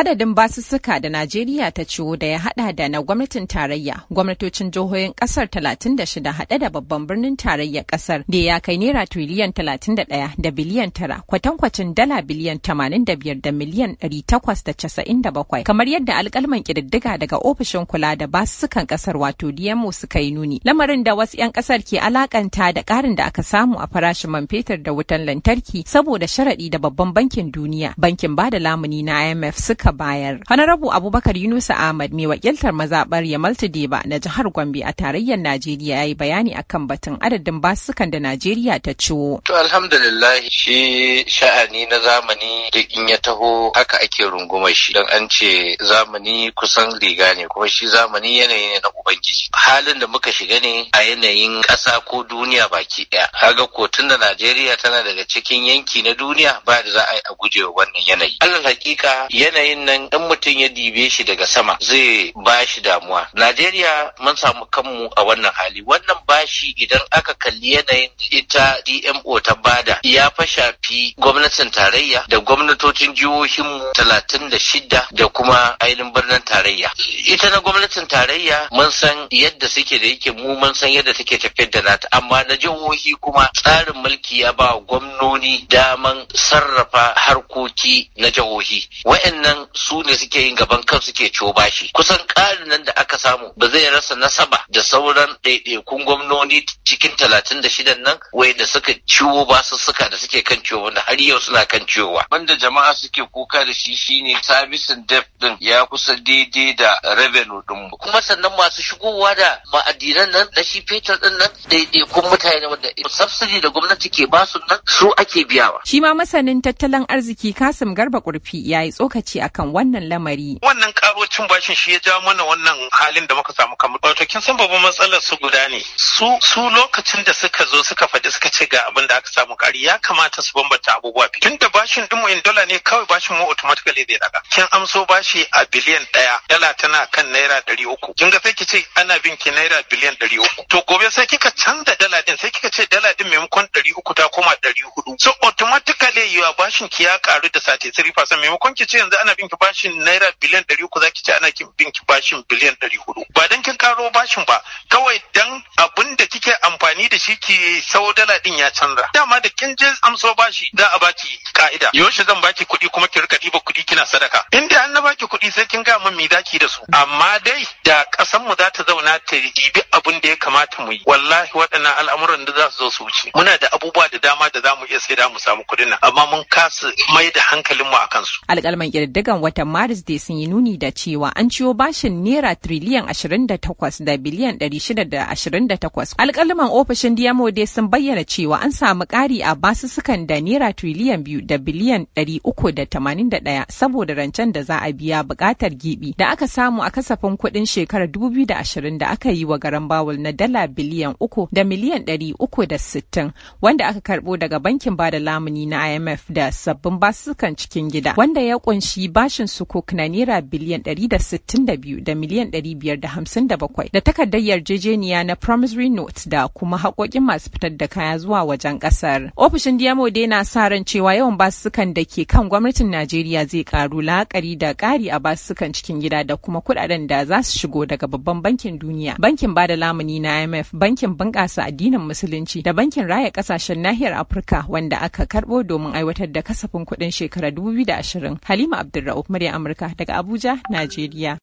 Adadin basussuka da Najeriya ta ciwo da ya hada da na gwamnatin tarayya, gwamnatocin jihohin kasar 36 hade da babban birnin tarayya kasar da ya kai naira triliyan 31 da biliyan 9 kwatankwacin dala biliyan 85 da miliyan 897 kamar yadda alkalman kididdiga daga ofishin kula da basussukan kasar wato DMO suka yi nuni. Lamarin da wasu 'yan kasar ke alakanta da karin da aka samu a farashin man fetur da wutan lantarki saboda sharadi da babban bankin duniya, bankin bada lamuni na IMF suka aka bayar. Honorable Abubakar Yunusa Ahmad mai wakiltar mazaɓar Yamal Tudeba na jihar Gombe a tarayyar Najeriya ya yi bayani akan batun adadin basukan da Najeriya ta ciwo. To alhamdulillah shi sha'ani na zamani da in ya taho haka ake rungumar shi don an ce zamani kusan riga ne kuma shi zamani yanayi ne na Ubangiji. Halin da muka shiga ne a yanayin ƙasa ko duniya baki ɗaya. Kaga ko da Najeriya tana daga cikin yanki na duniya ba da za a yi a gujewa wannan yanayi. Allah hakika yanayin abin nan dan mutum ya dibe shi daga sama zai ba shi damuwa najeriya mun samu kanmu a wannan hali wannan bashi idan aka kalli yanayin ita dmo ta bada ya fa shafi gwamnatin tarayya da gwamnatocin jihohinmu talatin da shida da kuma ainihin birnin tarayya ita na gwamnatin tarayya mun san yadda suke da yake mu mun san yadda suke tafiyar da nata amma na jihohi kuma tsarin mulki ya ba gwamnoni daman sarrafa harkoki na jihohi wa'annan su ne suke yin gaban kan suke coba shi kusan ƙarin nan da aka samu ba zai rasa nasaba da sauran ɗaiɗaikun gwamnoni cikin talatin da shidan nan da suka ciwo suka da suke kan ciwo wanda har yau suna kan ciwowa. Wanda jama'a suke kuka da shi shine sabisin def din ya kusa daidai da revenue din mu. Kuma sannan masu shigowa da ma'adinan nan da shi fetur din nan ɗaiɗaikun mutane wanda subsidy da gwamnati ke basu nan su ake biyawa. Shi ma masanin tattalin arziki Kasim Garba Kurfi yayi tsokaci a kan wannan lamari. Wannan karo cin bashin shi ya ja mana wannan halin da muka samu kamar. Wato kin san babban matsalar su guda ne. Su su lokacin da suka zo suka faɗi aka samu ƙari ya kamata su bambanta abubuwa tun da bashin ɗin in dola ne kawai bashin mu automatically zai daga kin amso bashi a biliyan ɗaya dala tana kan naira ɗari uku kin ga sai ki ce ana bin ki naira biliyan ɗari uku to gobe sai kika canza dala ɗin sai kika ce dala ɗin maimakon ɗari uku ta koma ɗari hudu so automatically yiwa bashin ki ya karu da sati three maimakon ki ce yanzu ana bin ki bashin naira biliyan ɗari uku za ki ce ana bin ki bashin biliyan ɗari hudu ba dan kin karo bashin ba kawai dan abin da kike amfani da shi ki sau dala ɗin ya canza dama da kin je amso bashi za a baki ka'ida yaushe zan baki kuɗi kuma ki rika ɗiba kuɗi kina sadaka in dai an na baki kuɗi sai kin ga min mi daki da su amma dai da ƙasar mu za ta zauna ta jibi abin da ya kamata mu yi wallahi waɗannan al'amuran da za su zo su wuce muna da abubuwa da dama da za mu iya da mu samu kuɗin nan amma mun kasa mai da hankalinmu a kansu alƙalman ƙirƙirgan watan maris dai sun yi nuni da cewa an ciwo bashin naira triliyan 28 da biliyan 628 alƙalman ofishin Diamo dai sun bayyana cewa an samu samu ƙari a basussukan da naira triliyan biyu da biliyan ɗari uku da tamanin da ɗaya saboda rancen da za a biya buƙatar gibi da aka samu a kasafin kuɗin shekarar dubu biyu da ashirin da aka yi wa garan bawul na dala biliyan uku da miliyan ɗari uku da sittin wanda aka karɓo daga bankin bada lamuni na IMF da sabbin basussukan cikin gida wanda ya ƙunshi bashin sukuk na naira biliyan ɗari da sittin da biyu da miliyan ɗari biyar da hamsin da bakwai da takardar yarjejeniya na promissory notes da kuma haƙoƙin masu fitar da kaya zuwa wajen kasar. Ofishin Diamo dai na sa ran cewa yawan basukan da ke kan gwamnatin Najeriya zai karu la'akari da ƙari a basukan cikin gida da kuma kuɗaɗen da za su shigo daga babban bankin duniya, bankin bada lamuni na IMF, bankin bunƙasa addinin musulunci da bankin raya ƙasashen nahiyar Afirka wanda aka karɓo domin aiwatar da kasafin kuɗin shekara 2020. Halima Abdulra'uf, murya Amurka daga Abuja, Najeriya.